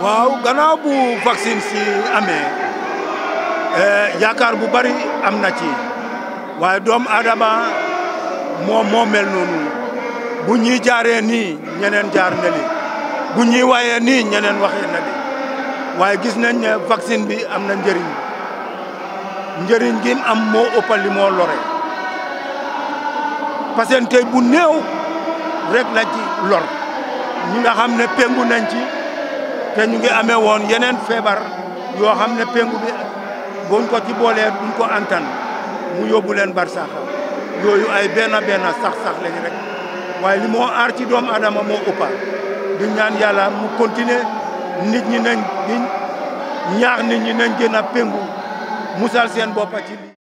waaw gannaaw bu vaccine si ame eh, yaakaar bu bari am na ci waaye doom aadama moom moo mel noonu bu ñuy jaaree nii ñeneen jaar na bu ñuy waayee nii ñeneen waxee na li waaye gis nañ ne vaccine bi am na njëriñ njëriñ gi am moo ëppal li moo lore parce bu néew rek la ci lor ñi nga xam ne pengu nañ ci. te ñu ngi amee woon yeneen feebar yoo xam ne pengu bi buñ ko ci boolee duñ ko antan mu yóbbu leen barsax yooyu ay benn benn sax-sax lañ rek waaye li moo ar ci doomu adama moo ëppa di ñaan yàlla mu continuer nit ñi nañ di ñaax nit ñi ne gën a pengu musal seen boppa ci li